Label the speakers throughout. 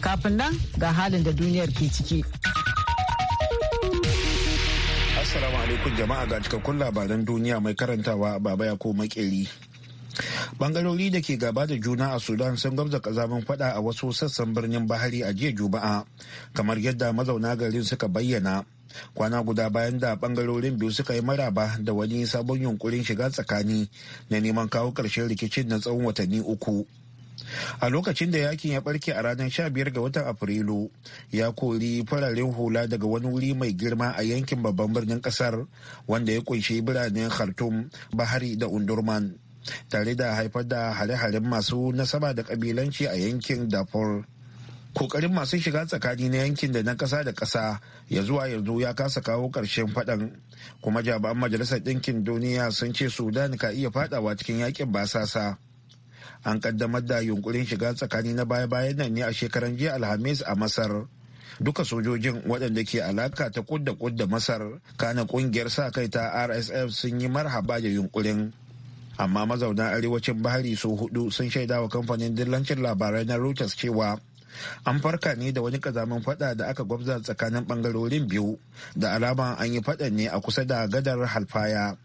Speaker 1: Kafin nan ga halin da duniyar ke ciki.
Speaker 2: Assalamu alaikum jama'a ga cikakkun labaran duniya mai karantawa baba ya ko makeri. Bangarori da ke gaba da juna a Sudan sun gwamza kazamin fada a wasu sassan birnin Bahari a jiya Juma'a, kamar yadda mazauna garin suka bayyana. Kwana guda bayan da bangarorin biyu suka yi maraba da wani sabon yunkurin shiga tsakani na neman kawo ƙarshen rikicin na tsawon watanni uku. a lokacin da yakin ya barke a ranar 15 ga watan afrilu ya kori fararen hula daga wani wuri mai girma a yankin babban birnin kasar wanda ya kunshi biranen khartoum bahari da undurman tare da haifar da hare-haren masu nasaba da kabilanci a yankin dafur kokarin masu shiga tsakani na yankin da na kasa da kasa ya zuwa yanzu ya kasa kawo karshen fadan kuma jami'an majalisar ɗinkin duniya sun ce sudan ka iya fadawa cikin yakin basasa an kaddamar da yunkurin shiga tsakani na baya-bayan nan ne a shekaran jiya alhamis a masar duka sojojin waɗanda ke alaka ta kudda kudda masar kana kungiyar sa kai ta rsf sun yi marhaba da yunkurin amma mazauna arewacin bahari su hudu sun shaida wa kamfanin dillancin labarai na reuters cewa an farka ne da wani kazamin fada da aka gwabza tsakanin bangarorin biyu da alama an yi fadan ne a kusa da gadar halfaya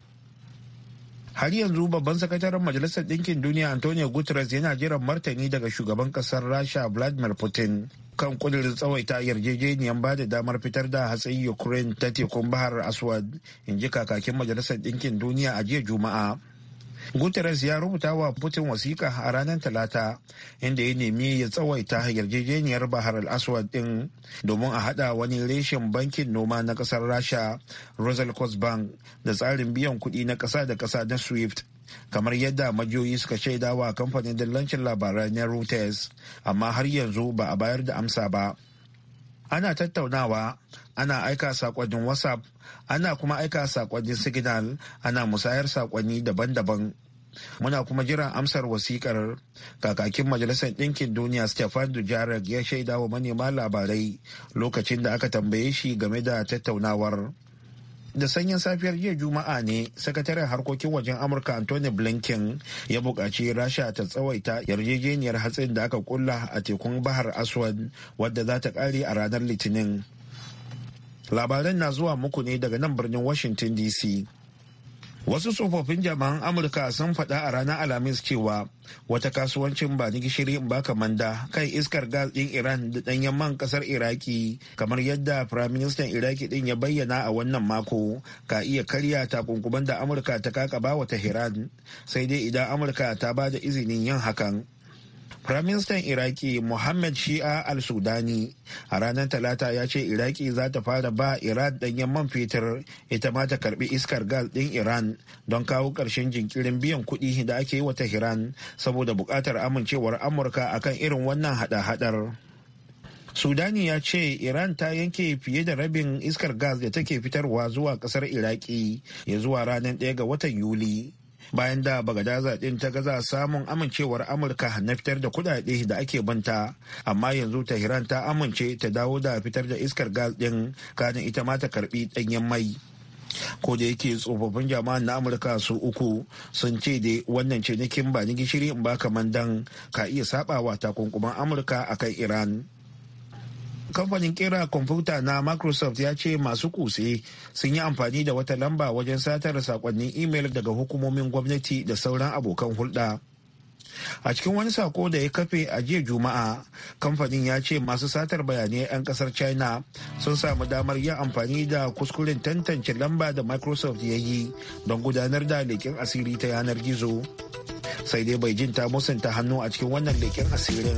Speaker 2: har yanzu babban sakataren majalisar ɗinkin duniya antonio guterres yana jiran martani daga shugaban ƙasar rasha vladimir putin kan kudirin tsawaita yarjejeniyar ba da damar fitar da hatsayi ukraine ta tekun bahar aswad in ji kakakin majalisar ɗinkin duniya a jiya juma'a guterres ya rubuta wa putin wasiƙa a ranar talata inda ya nemi ya tsawaita yarjejeniyar bahar al-aswad din domin a hada wani reshen bankin noma na ƙasar rasha rosalcos bank da tsarin biyan kuɗi na ƙasa da ƙasa na swift kamar yadda majiyoyi suka shaida wa kamfanin dillancin labarai na reuters amma har yanzu ba a bayar da amsa ba ana tattaunawa ana aika sakonnin whatsapp ana kuma aika sakonnin signal ana musayar sakonni daban-daban muna kuma jiran amsar wasikar kakakin majalisar ɗinkin duniya stefan dujarric ya shaida wa manema labarai lokacin da aka tambaye shi game da tattaunawar da sanyin safiyar jiya juma'a ne sakataren harkokin wajen amurka anthony blinken ya buƙaci rasha ta tsawaita yarjejeniyar hatsin da aka kulla a tekun bahar aswad wadda za ta ƙare a ranar litinin labaran na zuwa muku ne daga nan birnin washington dc wasu tsofaffin jami'an amurka sun faɗa a ranar alhamis cewa wata kasuwancin ba ni gishiri in baka manda kan iskar gas ɗin iran da ɗanyen man ƙasar iraki kamar yadda firaministan iraki ɗin ya bayyana a wannan mako ka iya karya takunkuman da amurka ta kakaba wa tehran sai dai idan amurka ta ba da izinin yin hakan Firaministan Iraki Mohammed Shi'a al-Sudani a ranar Talata ya ce Iraki za ta fara ba Iran ɗanyen man fetur ita ma ta karbi iskar gas ɗin Iran don kawo ƙarshen jinkirin biyan kuɗi da ake yi wa Tehran saboda buƙatar amincewar Amurka akan irin wannan hada-hadar. Sudani ya ce Iran ta yanke fiye da rabin iskar gas da take fitarwa zuwa ƙasar Iraki ya zuwa ranar 1 ga watan Yuli. bayan da bagadaza din ta gaza samun amincewar amurka na fitar da kudade da ake banta amma yanzu tehran ta amince ta dawo da fitar da iskar gas din kanin ita ma ta karbi danyen mai ko da yake tsofaffin jama'an na amurka su uku sun ce dai wannan cinikin ba ni gishiri in ba baka mandan ka iya sabawa takunkuman amurka akan iran kamfanin kera kwamfuta na microsoft ya ce masu kutse sun yi amfani da wata lamba wajen satar sakonnin imel daga hukumomin gwamnati da sauran abokan hulɗa a cikin wani sako da ya kafe a jiya juma'a kamfanin ya ce masu satar bayanai 'yan kasar china sun samu damar yin amfani da kuskuren tantance lamba da microsoft ya yi don gudanar da leƙen asiri ta yanar gizo sai dai beijing ta musanta hannu a cikin wannan leƙen asirin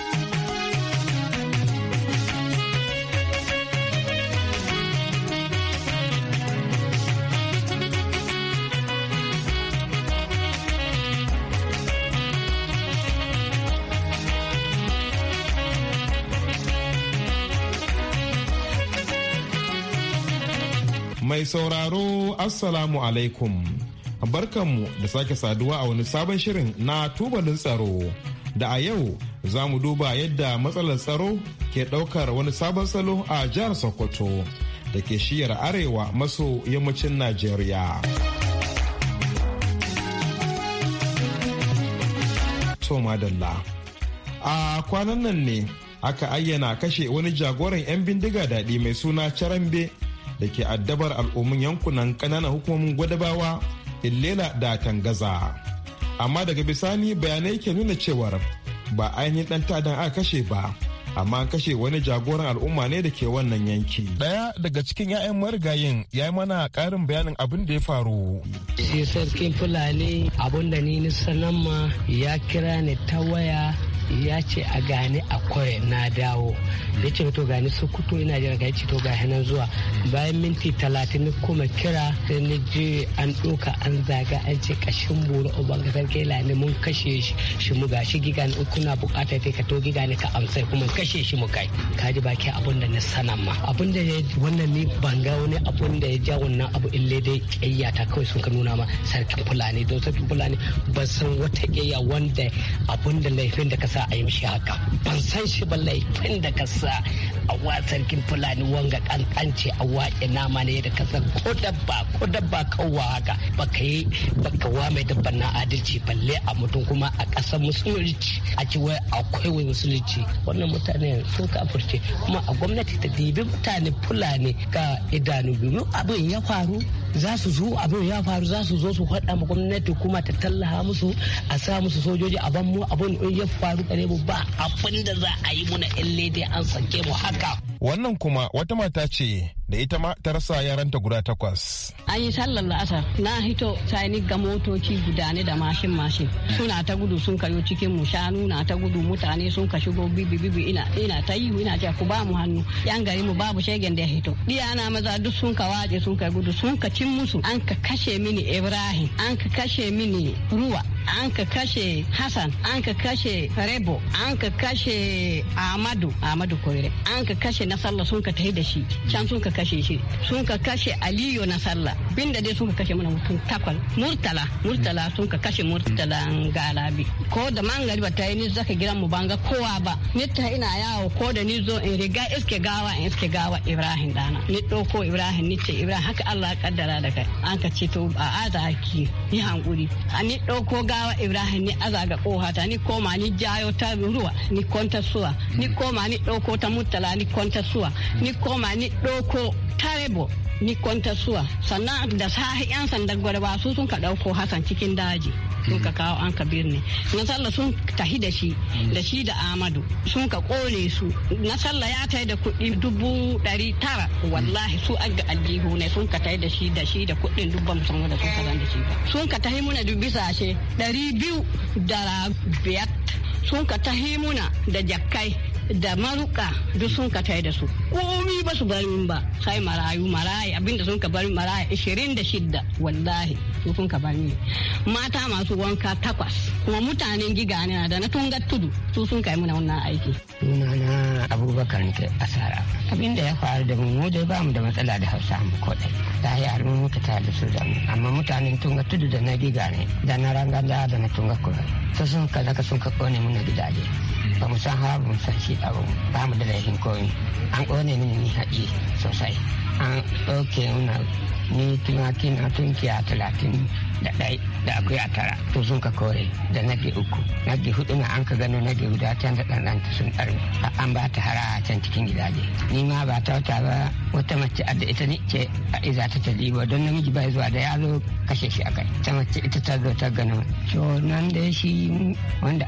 Speaker 3: Mai sauraro Assalamu alaikum. Barkanmu da sake saduwa a wani sabon shirin na tubalin tsaro. Da a yau za mu duba yadda matsalar tsaro ke ɗaukar wani sabon salo a jihar Sokoto da ke shiyar arewa maso yammacin Najeriya. A kwanan nan ne aka ayyana kashe wani jagoran 'yan bindiga daɗi mai suna Carambe. da ke addabar al'ummin yankunan ƙananan hukumomin gwadabawa illela da tangaza amma daga bisani bayanai ke nuna cewar ba ainihin dan tadan aka kashe ba amma an kashe wani jagoran al'umma ne da ke wannan yanki. Daya daga cikin 'ya'yan marigayin ya yi mana karin bayanin abin da ya faru.
Speaker 4: Shi sarkin Fulani abun da ni sanan ma ya kira ni ta waya ya ce a gane a kware na dawo ya ce to gani su kuto ina jira ga ce to ga hannun zuwa bayan minti talatin ni kuma kira da ni je an ɗoka an zaga an ce kashin buru uban kasar kela ne mun kashe shi shi mu gashi giga ne kuna bukata ta ka to giga ni ka amsa kuma kashe shi mu kai ka ji baki abun da na sanan ma abun da ya wannan ni ban ga wani abun da ya ja wannan abu ille dai kiyaya ta kawai sun ka nuna ma sarkin fulani don sarkin fulani ban san wata kiyaya wanda abun da laifin da ka sa sa a yaushe haka ban san shi ba laifin da ka sa wasan sarkin fulani wanga kankance a waƙe nama ne da ka san ko dabba ko dabba kawwa haka baka yi baka wa mai dabban na adalci balle a mutum kuma a ƙasar musulunci a ci wai akwai wai musulunci wannan mutane sun kafurce kuma a gwamnati ta dibi mutane fulani ga idanu biyu abin ya faru za su zo abin ya faru za su zo su faɗa ma gwamnati kuma ta tallaha musu a sa musu sojoji a ban mu abin in ya faru kare mu ba abin da za a yi muna in dai an sake
Speaker 3: mu haka. Wannan kuma wata mata ce da ita ma ta rasa yaranta guda takwas.
Speaker 5: An yi sallar la'asar na hito sai ga motoci guda ne da mashin mashin suna ta gudu sun kayo cikin mu shanu na ta gudu mutane sun ka shigo bibi bibi ina ina ta yi ina ce ku ba mu hannu yan gari mu babu shegen da ya hito. Diya na maza duk sun ka waje sun ka gudu sun ka cin musu an ka kashe mini Ibrahim an ka kashe mini Ruwa an ka kashe Hassan an ka kashe Rebo an ka kashe Amadu Amadu Koyre an ka kashe na sun ka tafi da shi can kashe shi sun ka kashe aliyu na sallah bin da dai sun ka kashe mana mutum takwal murtala murtala sun ka kashe murtala galabi ko da mangariba ta yi ni zaka gidan mu banga kowa ba ni ta ina yawo ko da ni zo in riga iske gawa in iske gawa ibrahim dana ni ɗauko ibrahim ni ce ibrahim haka allah kaddara da kai an ka ce to a aza haki ni hankuri a ni ɗauko gawa ibrahim ni aza ga kohata ni koma ni jayo ta ruwa ni kwanta suwa ni koma ni ɗauko ta murtala ni kwanta suwa ni koma ni ɗauko Tarebo. Tarebo ni kwantasuwa sannan da sahi 'yan sandar gwarba su sun ka ɗauko Hassan cikin daji. sun ka kawo an ka birni nasalla sun tahi da shi da shi da amadu sun ka kone su Na nasalla ya tai da kuɗi dubu ɗari tara wallahi su an ga aljihu ne sun ka tai da shi da shi da kuɗin dubban musamman da sun ka da shi ba sun ka tahi muna dubi sashe ɗari biyu da biyar sun ka tahi muna da jakkai da maruka duk sun ka tai da su komi ba su bari ba sai marayu marayu abinda sun ka bari da 26 wallahi su sun ka bari mata masu wanka takwas kuma mutanen giga ne da na tunga tudu su sun kai muna wannan aiki
Speaker 6: na abubakar ke asara abinda ya faru da mu dai ba mu da matsala da hausa mu kodai ta yi mu muka ta da su da mu amma mutanen tunga tudu da na giga ne da na ranga da na tunga kuma su sun ka zaka sun ka kone muna gidaje ba mu san hawa mu san shi abu ba mu da laifin koyi an ƙone ni ni haƙi sosai an ɗauke muna ni tumaki na tunkiya talatin da ɗai da akwai a tara to sun ka kore da nage uku nage hudu na an ka gano nage guda can da ɗanɗan ta sun ɗarmi an ba ta hara can cikin gidaje ni ma ba ta wata ba wata mace da ita ne ce a iza ta ta liba don namiji bai zuwa da ya zo kashe shi akai ta mace ita ta zo ta gano to nan da shi wanda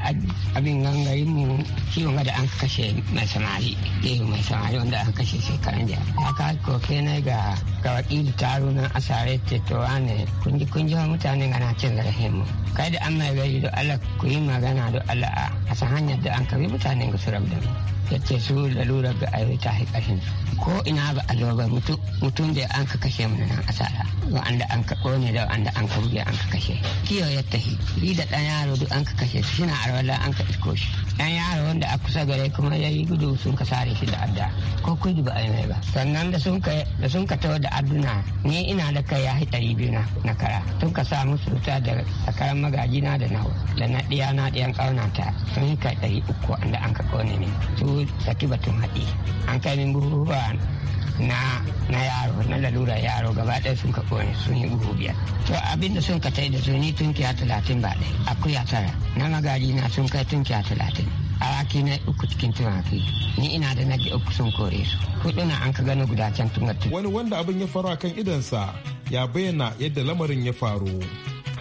Speaker 6: abin gangarin mu shi wanga da an kashe mai samari ɗaya mai samari wanda an kashe shekaran jiya haka ka koke na ga ga wakili taro na asare ce to wane kunji kunji wa mutane gana cin zarafinmu kai da an mai gari da allah ku yi magana da allah a asa hanyar da an kabi mutane ga da rabda ya ce su lalura ga ayoyi ta haikashin ko ina ba a zo ba mutum da an ka kashe mu nan asara wa'anda an ka da wa'anda an ka buge an ka kashe kiyo ya tahi yi da ɗan yaro duk an ka kashe su suna arwala an ka isko shi 'yan yaro wanda a kusa gare kuma ya yi gudu sun ka sare shi da adda ko kudu ba a yi mai ba sannan da sun ka tawar da adduna ni ina da kai ya yi ɗari biyu na kara Tun ka sa musu wuta da tsakarar magajina da na da na ɗiya na ɗiyan ƙaunata sun kai ɗari uku wanda an ka ƙone ne su saki batun haɗi an kai min buhuhuwa na na yaro na lalura yaro gaba ɗaya sun ka ƙone sun yi buhu biyar to abinda sun ka tai da su ni tunkiya talatin ba ɗaya akuya tara na magajina sun kai tunkiya talatin awaki na uku cikin tumaki ni ina da na uku sun kore su hudu na an ka gano guda can tun wani wanda abin ya faru a kan idansa
Speaker 3: ya bayyana yadda lamarin ya faru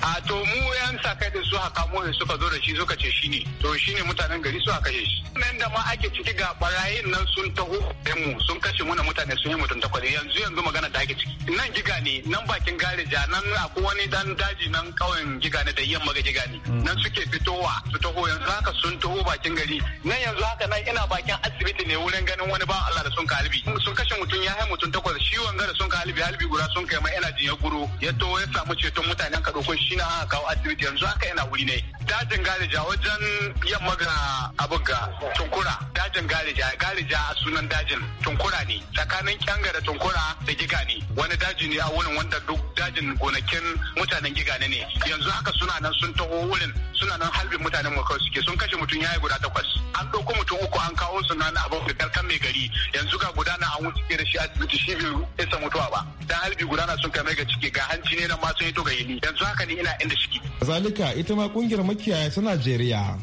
Speaker 7: a to mu yan sa kai da su haka mu suka zo da shi suka ce shi ne to shi ne mutanen gari su kashe shi nan da ma ake ciki ga barayin nan sun taho da mu sun kashe na mutane sun yi mutum takwas yanzu yanzu magana da ake ciki nan giga ne nan bakin garija nan akwai wani dan daji nan kauyen giga ne da yamma ga giga ne hmm. nan suke fitowa su taho yanzu haka sun taho bakin gari nan yanzu haka nan ina bakin asibiti ne wurin ganin wani ba Allah da sun ka halbi sun kashe mutum ya hai mutum takwas shi wanga da sun ka halbi halbi guda sun kai ma ina jin ya guro ya to ya samu ceton mutanen ka dokon shi shi na aka kawo asibiti yanzu haka yana wuri ne dajin garija wajen yamma ga abin ga tunkura dajin garija garija a sunan dajin tunkura ne tsakanin kyanga da tunkura da giga ne wani daji ne a wurin wanda duk dajin gonakin mutanen giga ne yanzu haka suna nan sun taho wurin suna nan halbin mutanen makau suke sun kashe mutum yayi guda takwas an ɗauko mutum uku an kawo su nan abin da kan mai gari yanzu ga guda na an wuce da shi asibiti shi bai isa mutuwa ba dan halbi na sun kai mai ga ciki ga hanci ne nan ma sun yi to ga yini yanzu haka ne ina inda shi
Speaker 3: zalika ita ma kungiyar makiyaya ta najeriya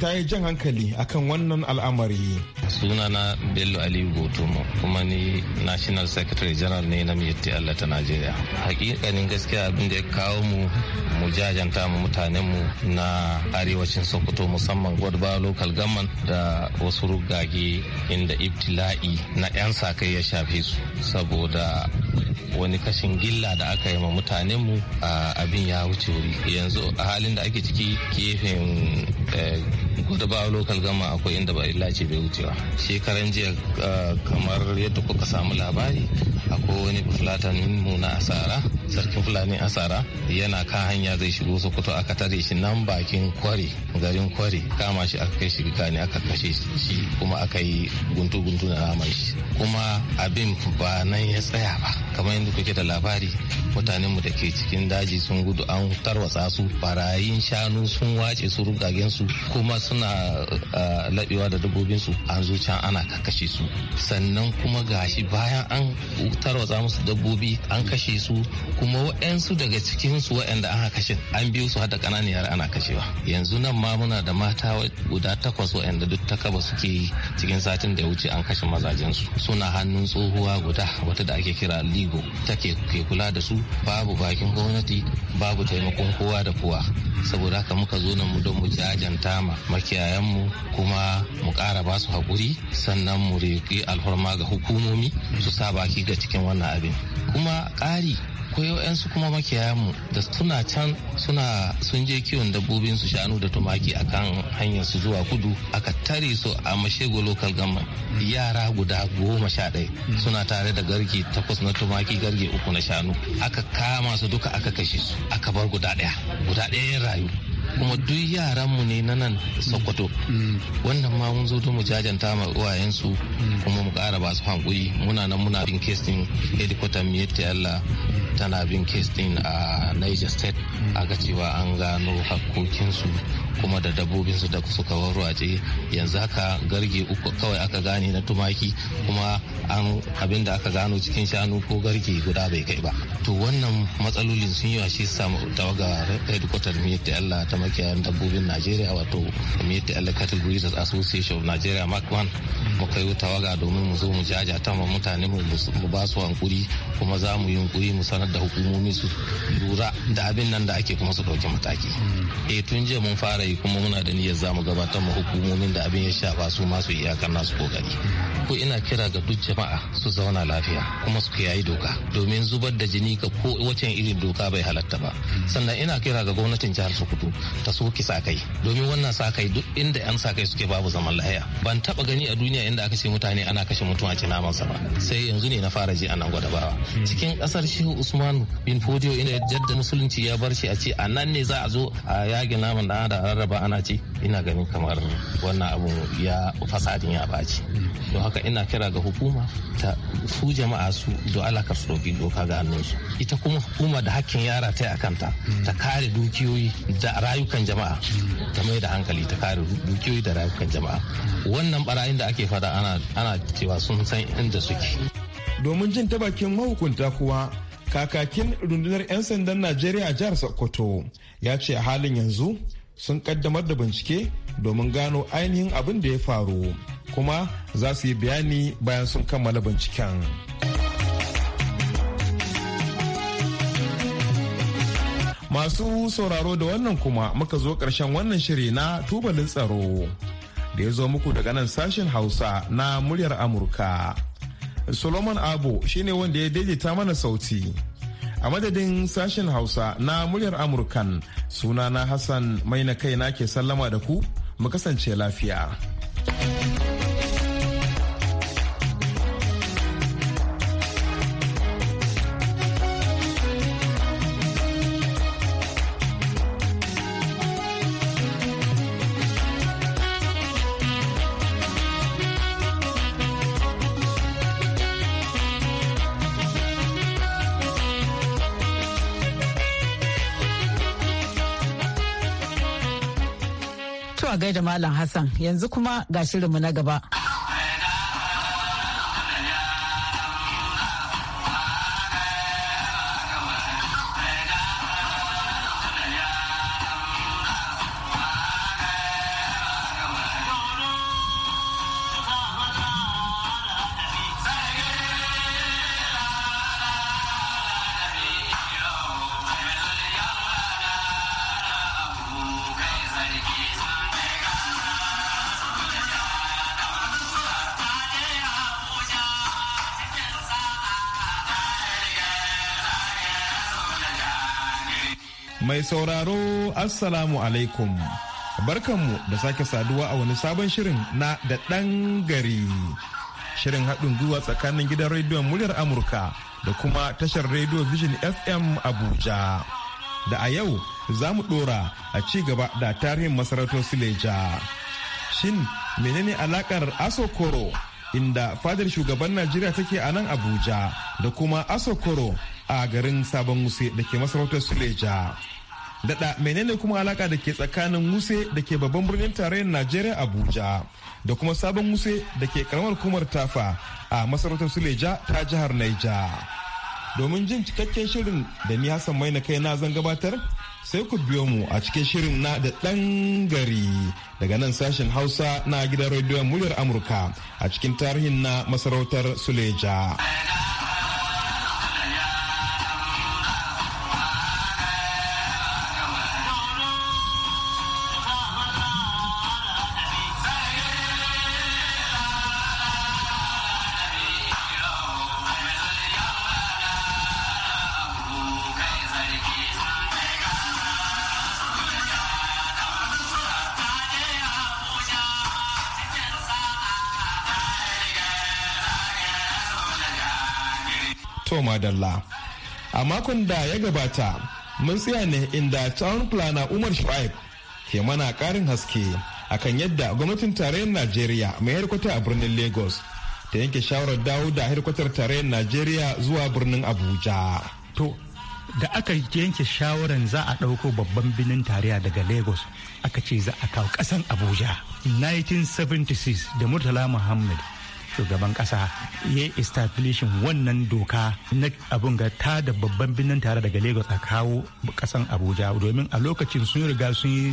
Speaker 3: ta yi jan hankali akan wannan al'amari.
Speaker 8: sunana bello aliyu gotomo kuma ni national secretary general ne na miyatti allah ta najeriya hakikanin gaskiya abin da ya kawo mu mu jajanta mu mutanen mu na arewacin sokoto musamman gwadba local government da wasu rugage inda ibtila'i na yan sakai ya shafe su saboda wani kashin gilla da aka yi ma mutanen mu abin ya wuce wuri yanzu a halin da ake ciki gefen ba lokal gama akwai inda ba illa ce bai wucewa shekaran jiya kamar yadda kuka samu labari akwai wani fulatanin mu na asara sarkin fulani asara yana kan hanya zai shigo sokoto aka tare shi nan bakin kwari garin kwari kama shi aka kai shi ne aka kashe shi kuma aka yi guntu-guntu na ramar shi kuma abin ba nan ya tsaya ba kamar yadda kuke da labari mutanen mu da ke cikin daji sun gudu an tarwatsa su barayin shanu sun wace su rugagen su kuma suna labewa da dabbobin su an zo can ana kakkashe su sannan kuma gashi bayan an tarwatsa musu dabbobi an kashe su kuma waɗansu daga cikin su waɗanda aka kashe an biyo su hada ƙananan yara ana kashewa yanzu nan ma muna da mata guda takwas waɗanda duk ta kaba suke cikin satin da ya wuce an kashe mazajen su suna hannun tsohuwa guda wata da ake kira li ibo take ke kula da su babu bakin gwamnati babu taimakon kowa da kowa saboda haka muka zo nan mu don mu jajanta ma makiyayan mu kuma mu ƙara ba su haƙuri sannan mu riƙi alfarma ga hukumomi su sa baki ga cikin wannan abin kuma ƙari akwai wayansu kuma mu da suna can suna sun je kiwon dabbobin su shanu da tumaki akan hanyar su zuwa kudu aka tare su a mashego local government yara guda goma sha ɗaya suna tare da garge takwas na tumaki garge uku na shanu aka kama su duka aka kashe su aka bar guda ɗaya guda ɗaya yin rayu kuma duk mu ne na nan sokoto wannan ma mun zo mu jajanta ma uwayensu kuma mu kara ba su hankuri muna nan muna bin case din headquarter mu yatta Allah tana bin case din a Niger State Aka cewa an gano hakkokinsu kuma da dabbobinsu da suka warwace yanzu haka garge uku kawai aka gane na tumaki kuma an abin da aka gano cikin shanu ko garge guda bai kai ba to wannan matsalolin sun yi wa shi samu tawaga headquarter mu yatta Allah ta makiyayan dabbobin najeriya wato community and cattle breeders association of nigeria mark one muka yi tawaga domin mu zo mu jajata ma mutane mu ba su hankuri kuma za mu yi hankuri mu sanar da hukumomi su lura da abin nan da ake kuma su ɗauki mataki hmm. eh tun jiya mun fara yi kuma muna da niyyar za mu gabatar ma hukumomin da abin ya shafa su ma masu iyakar nasu kokari ko ina kira ga duk jama'a su zauna lafiya kuma su kiyaye doka domin zubar da jini ka ko wacce irin doka bai halatta ba hmm. sannan ina kira ga gwamnatin jihar sokoto ta soke sa kai domin wannan sakai duk inda yan sakai suke babu zaman lahiya ban taba gani a duniya inda aka ce mutane ana kashe mutum a naman sa ba sai yanzu ne na fara ji anan gwada bawa hmm. cikin kasar shehu usman bin fodiyo inda jadda musulunci ya bar shi a ce a nan ne za a zo a yage naman da da rarraba ana ci ina ganin kamar wannan abu ya fasadin ya baci hmm. don haka ina kira ga hukuma ta su jama'a su do alaka su dauki doka ga su ita kuma hukuma da hakkin yara ta a kanta hmm. ta kare dukiyoyi da rayukan jama'a ta mai da hankali ta kare dukiyoyi da rayukan jama'a wannan barayin da ake fada ana cewa sun san inda suke
Speaker 3: domin jin ta bakin mahukunta kuwa kakakin rundunar 'yan sandan najeriya a jihar sokoto ya ce a halin yanzu sun kaddamar da bincike domin gano ainihin abin da ya faru kuma za su yi bayani bayan sun kammala binciken. Masu sauraro da wannan kuma muka zo ƙarshen wannan shiri na tubalin tsaro da ya zo muku daga nan sashen Hausa na muryar Amurka. Solomon Abo shine wanda ya daidaita mana sauti. A madadin sashen Hausa na muryar Amurkan sunana Hassan mai na kaina ke sallama da ku mu kasance lafiya.
Speaker 1: gaida Malam Hassan yanzu kuma ga shirinmu na gaba.
Speaker 3: sauraro Assalamu alaikum. Barkanmu da sake saduwa a wani sabon shirin na da ɗan gari. Shirin haɗin gwiwa tsakanin gidan rediyon muryar Amurka da kuma tashar rediyo Vision FM Abuja. Da a yau za mu ɗora a ci gaba da tarihin masarautar Sileja. Shin menene alakar Asokoro inda fadar shugaban Najeriya take a nan Abuja da kuma Asokoro a garin Sabon Wuse da ke masarautar Suleja. Dada menene kuma alaka da ke tsakanin Wuse da ke babban birnin tarayyar Najeriya Abuja da kuma sabon Wuse da ke karamar kumar Tafa a masarautar Suleja ta jihar Naija. Domin jin cikakken shirin da ni Hassan Maina kai na zan gabatar sai ku biyo mu a cikin shirin na da ɗan gari daga nan sashen Hausa na gidan rediyon muryar Amurka a cikin tarihin na masarautar Suleja. madalla a makon da ya gabata mun tsaya ne inda town planner umar shu'aib ke mana karin haske akan yadda gwamnatin tarayyar najeriya mai harkwata a birnin lagos ta yanke shawarar dawo da harkwatar tarayyar najeriya zuwa birnin abuja to
Speaker 9: da aka yanke shawarar za a ɗauko babban binin tarayya daga lagos aka ce za a kawo ƙasan abuja 1976 da murtala muhammad shugaban kasa ya establishin wannan doka na abun ga ta da babban binnin tare daga lagos a kawo kasan abuja domin a lokacin sun riga sun yi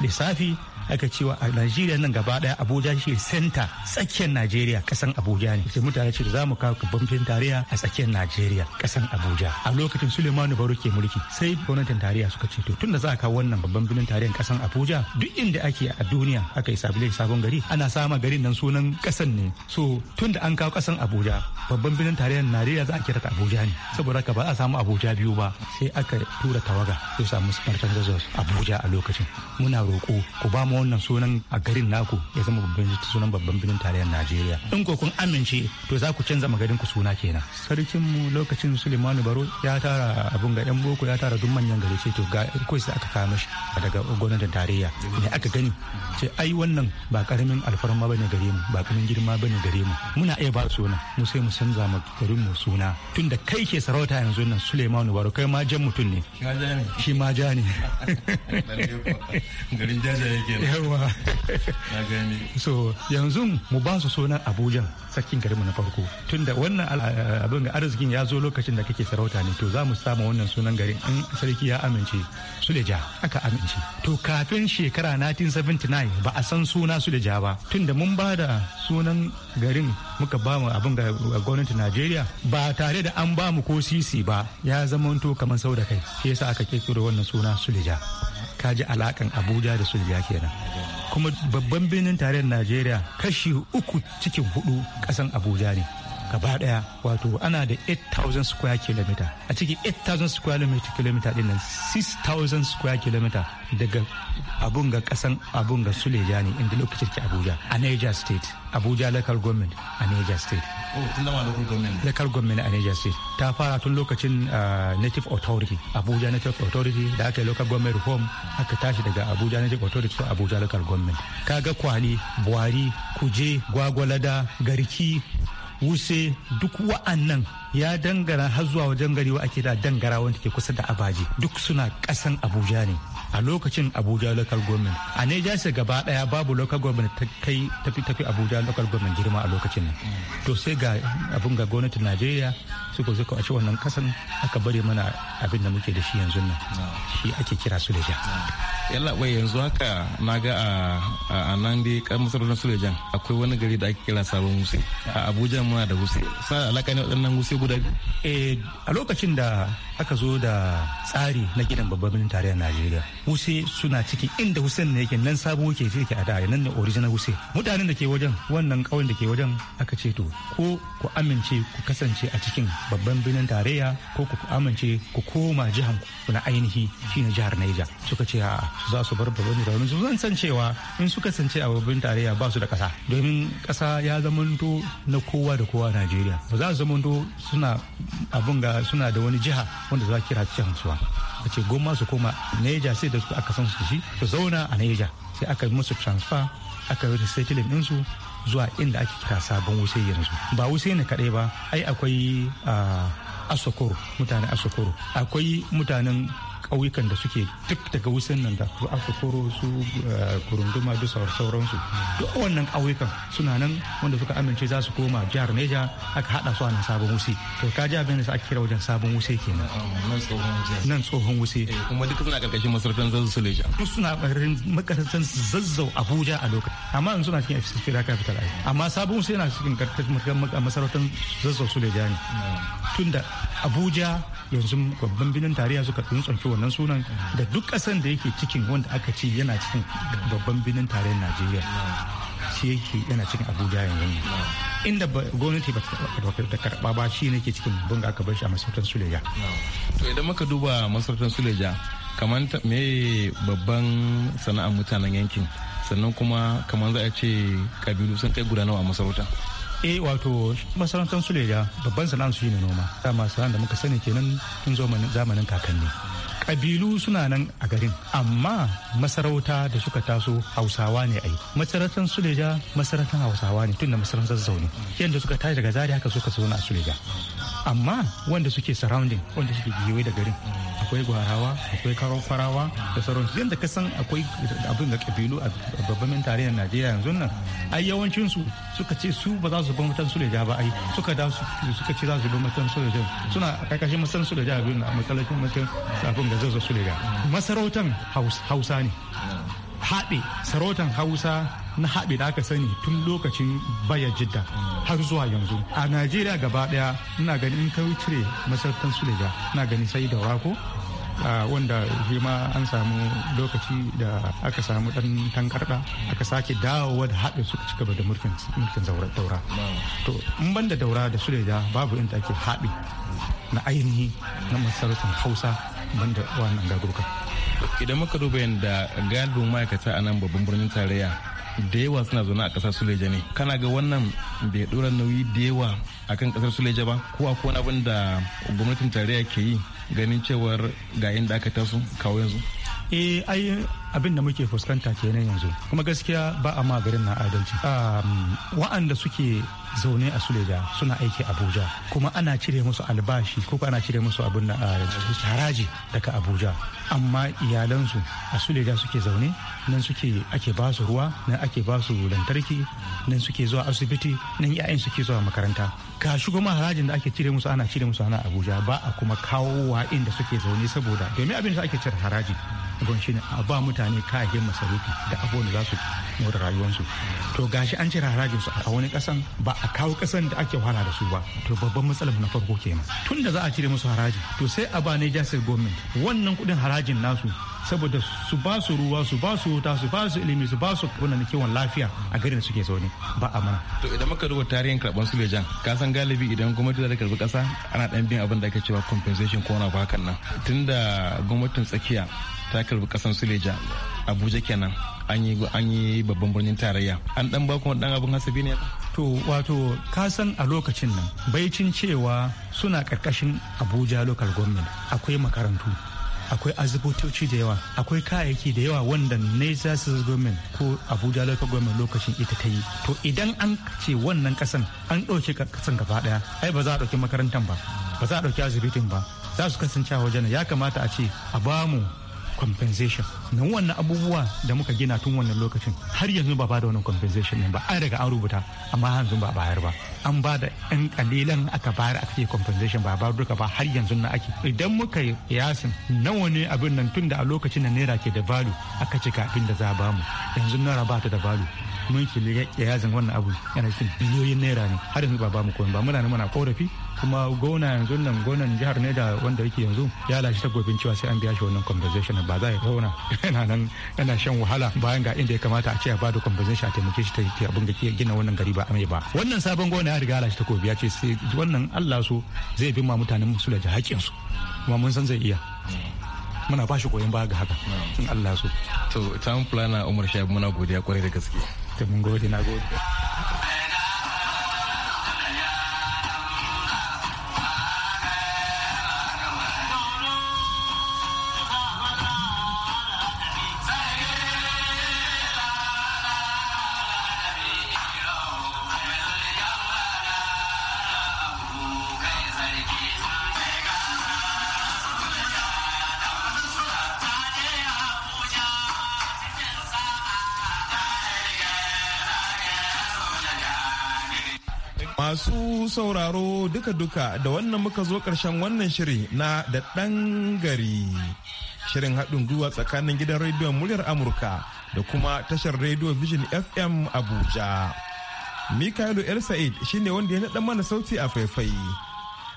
Speaker 9: lissafi aka cewa a Najeriya nan gaba daya Abuja shi senta tsakiyar Najeriya kasan Abuja ne sai mutane ce za mu kawo kabban tarayya a tsakiyar Najeriya kasan Abuja a lokacin Suleimanu Baro ke mulki sai gwamnatin tarayya suka ce to tun da za a kawo wannan babban birnin tarayyar kasan Abuja duk inda ake a duniya aka yi sabile sabon gari ana sama garin nan sunan kasan ne so tun da an kawo kasan Abuja babban birnin tarayyar Najeriya za a kira ta Abuja ne saboda haka ba a samu Abuja biyu ba sai aka tura tawaga to samu Spartan Abuja a lokacin muna roƙo ku ba mu wannan sunan a garin naku ya zama babban sunan babban birnin tarayyar Najeriya in ko kun amince to za ku canza magarin ku suna kenan sarkin mu lokacin sulemanu Baro ya tara abun ga yan boko ya tara duk manyan gari sai to ga koi sai aka kama shi daga gwamnatin tarayya ne aka gani ce ai wannan ba karamin alfarma bane gare mu ba karamin girma bane gare mu muna iya ba suna mu sai mu canza magarin garin mu suna tunda kai ke sarauta yanzu nan sulemanu Baro kai ma jan mutum ne shi ma ja ne garin jajaye ke yawa na gani so yanzu mu ba su sunan abuja sakin garinmu na farko tunda wannan abin arzikin ya zo lokacin da kake sarauta ne to za mu samu wannan sunan garin in sarki ya amince suleja aka amince to kafin shekara 1979 ba a san suna suleja ba tunda mun ba da sunan garin muka ba mu abin ga gwamnatin najeriya ba tare da an ba mu ko sisi ba ya zamanto kamar sau da kai shi yasa aka ƙirƙiro wannan suna suleja ka ji alakan abuja da sundiya kenan kuma babban birnin tarayyar najeriya kashi uku cikin hudu kasan abuja ne gaba daya wato ana da 8000 square kilometer a ciki 8000 square kilometer din nan 6000 square kilometer daga abun ga kasan abun ga suleja ne inda lokacin ke abuja a niger state abuja local government a niger state oh, local government a niger state ta fara tun lokacin ah, native authority abuja native authority da aka yi local government reform aka tashi daga abuja native authority to abuja local government kaga kwali buwari kuje gwagwalada garki wuse duk wa'annan ya dangara har zuwa wajen gari wa ake da dangara wanda ke kusa da abaji duk suna kasan abuja ne a lokacin abuja local government a neja gaba daya babu local government ta kai tafi tafi abuja local government girma a lokacin nan to sai ga abin ga gwamnatin najeriya su ko a ci wannan kasan aka bari mana abin da muke da shi yanzu nan shi ake kira su da ja
Speaker 3: yalla bai yanzu haka na ga a nan dai kan masarautar sulejan akwai wani gari da ake kira sabon wuse a
Speaker 9: abuja muna da wuse sa alaka ne waɗannan wuse guda eh, a lokacin da aka zo da tsari na gidan babban birnin tarayyar najeriya wuse suna cikin inda wusen ne yake nan sabo ke ke a da nan ne original wuse mutanen da ke wajen wannan kawai da ke wajen aka ce to ko ku amince ku kasance a cikin babban birnin tarayya ko ku amince ku koma jihan ku na ainihi shine jihar Niger suka ce a'a za su bar babban taron su zan san cewa in su kasance a babban tarayya ba su da kasa domin kasa ya zamanto na kowa da kowa Najeriya ba za su zamanto suna abun ga suna da wani jiha wanda za kira cikin suwa a ce goma su koma Neja sai da su aka san su shi su zauna a Neja sai aka yi musu transfer aka yi din su zuwa inda ake kira sabon wuse yanzu ba wuse ne kaɗai ba ai akwai ah, asokoro mutanen asokoro akwai mutanen ƙauyukan da suke duk daga wusan nan da koro su eh, kurunduma da sauransu duk wannan ƙauyukan suna nan wanda suka amince za su koma jihar neja aka haɗa su a nan sabon wuse to ka ji abin da ake kira wajen sabon wuse kenan nan tsohon wuse eh, kuma duk
Speaker 3: suna ƙarƙashin masarautar zazzau su leja
Speaker 9: duk suna ƙarƙashin makarantar zazzau abuja a lokacin amma yanzu suna cikin federal capital amma sabon wuse yana cikin masarautar zazzau su leja ne mm. tunda abuja yanzu babban binin tarayya suka tsuntsunce wannan sunan da duk kasan da yake cikin wanda aka ce yana cikin babban birnin tarayyar najeriya shi yake yana cikin abuja yanzu inda gwamnati ba ta karba ba shi ne ke cikin bunga aka bar shi a masarautar suleja
Speaker 3: to idan muka duba masarautar suleja kamar me babban sana'ar mutanen yankin sannan kuma kamar za a ce kabilu sun kai guda nawa a masarauta
Speaker 9: eh wato masarautar suleja babban sana'ar su ne noma ta masu da muka sani kenan tun zamanin kakanni kabilu suna nan a garin amma masarauta da suka taso hausawa ne ai masarautar suleja masarautar hausawa ne tun da masarautar zaune yadda suka tashi daga zari haka suka zauna a suleja amma wanda suke surrounding wanda suke giwe da garin akwai gwarawa akwai karon farawa da sauransu yadda ka san akwai abin da kabilu a babban tarihin najeriya yanzu nan ai yawancinsu suka ce su ba za su bar mutan suleja ba ai suka da suka ce za su bar mutan suleja suna karkashin mutan suleja abin a matsalacin mutan abin da zai suleja masarautan hausa ne haɗe sarautan hausa na haɗe da aka sani tun lokacin baya jidda har zuwa yanzu a najeriya gaba ɗaya ina gani in kai cire masarautar suleja ina gani sai da wako wanda shi ma an samu lokaci da aka samu ɗan tankarɗa aka sake dawowa da haɗe suka ci gaba da mulkin daura to in banda daura da suleja babu inda ake haɗe na ainihi na masarautar hausa banda wannan garuruka
Speaker 3: idan muka duba yadda galibin ma'aikata a nan babban birnin tarayya da yawa suna zaune a kasar suleja ne kana ga wannan bai ɗora nauyi da yawa kan kasar suleja ba ko a wani abin da gwamnatin tarayya ke yi ganin cewar ga inda aka taso kawo yanzu
Speaker 9: eh, abin da muke fuskanta kenan yanzu kuma gaskiya ba a magarin na adalci wa'anda suke zaune a suleja suna aiki abuja kuma ana cire musu albashi ko ana cire musu abin na ah, haraji daga abuja amma iyalansu a suleja suke zaune nan suke ake ba su ruwa nan ake ba su lantarki nan suke zuwa asibiti nan yayan suke zuwa makaranta ga ma harajin da ake cire musu ana cire musu ana abuja ba a kuma kawo wa inda suke zaune saboda domin abin da ake cire haraji shi shine a ba mutane kayayyakin masarufi da abubuwan da za su more rayuwarsu to gashi an cire harajin su a wani kasan ba a kawo kasan da ake wahala da su ba to babban matsalar na farko kenan tun da za a cire musu haraji to sai a ba Niger State government wannan kudin harajin nasu saboda su ba su ruwa su ba su wuta su ba su ilimi su ba su wannan kiwon lafiya a garin da suke zaune ba a mana
Speaker 3: to idan muka duba tarihin karban sulejan ka san galibi idan gwamnati za ta karbi
Speaker 9: kasa ana dan bin abin da ake cewa compensation ko na bakan nan
Speaker 3: tunda gwamnatin tsakiya ta karbi kasan suleja abuja kenan an
Speaker 9: yi babban birnin tarayya an dan ba kuma dan abin hasabi ne to wato ka a lokacin nan baicin cewa suna karkashin abuja local government akwai makarantu akwai azubutoci da yawa akwai kayayyaki da yawa wanda nesa su government ko abuja local government lokacin ita ta yi to idan an ce wannan kasan an ɗauki kasan gaba ɗaya ai ba za a ɗauki makarantan ba ba za a ɗauki asibitin ba za su kasance a wajen ya kamata a ce a bamu compensation na wannan abubuwa da muka gina tun wannan lokacin har yanzu ba bada wannan compensation ba an daga an rubuta amma yanzu ba bayar ba an ba da yan kalilan aka bayar aka ce compensation ba ba duka ba har yanzu na ake idan muka yi yasin nawa ne abin nan tun a lokacin da naira ke da value aka ce kafin da za a bamu yanzu naira bata ta da value mun shiga kiyazin wannan abu yana cikin biliyoyin naira ne har yanzu ba ba mu koyon ba muna muna korafi kuma gona yanzu nan gonan jihar ne da wanda yake yanzu ya lashe ta gobin cewa sai an biya shi wannan compensation ba za ya rauna yana nan yana shan wahala bayan ga inda ya kamata a ce a ba da compensation a taimake shi ta yi abin da ke gina wannan gari ba amai ba wannan sabon gona ya riga lashe gobi ya ce sai wannan Allah so zai bi ma mutanen su da haƙƙin su kuma mun san zai iya muna ba shi koyon ba ga haka in Allah so
Speaker 3: to town planner Umar Shaibu
Speaker 9: muna godiya kwarai da gaske mun gode na gode
Speaker 3: Masu sauraro duka-duka da wannan muka zo karshen wannan shiri na da ɗan gari. Shirin haɗin gwiwa tsakanin gidan rediyon muryar Amurka da kuma tashar rediyo Vision FM Abuja. Mikaelu El Said shine wanda ya naɗa mana sauti a faifai.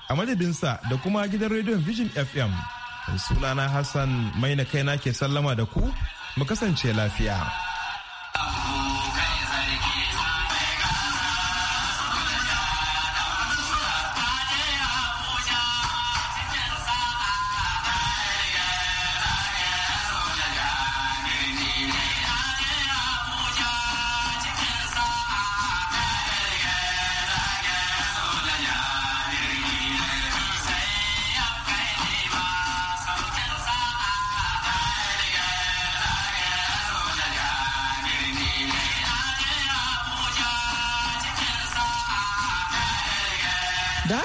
Speaker 3: A madadinsa da kuma gidan rediyon Vision FM. Sunana Hassan Maina kaina ke sallama da ku, mu kasance lafiya.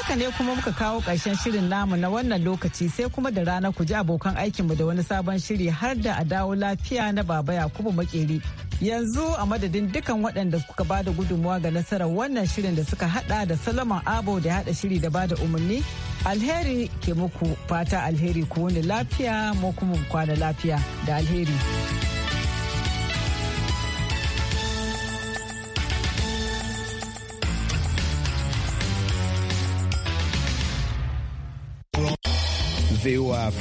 Speaker 1: haka ne kuma muka kawo karshen shirin namu na wannan lokaci sai kuma da rana ku ji abokan aikinmu da wani sabon shiri har da a dawo lafiya na baba yakubu makeri yanzu a madadin dukan waɗanda kuka ba da gudunmuwa ga nasarar wannan shirin da suka hada da salaman abo da hada shiri da ba da umarni alheri ke muku fata alheri ku wani lafiya mu kuma kwana lafiya da alheri.
Speaker 2: veio a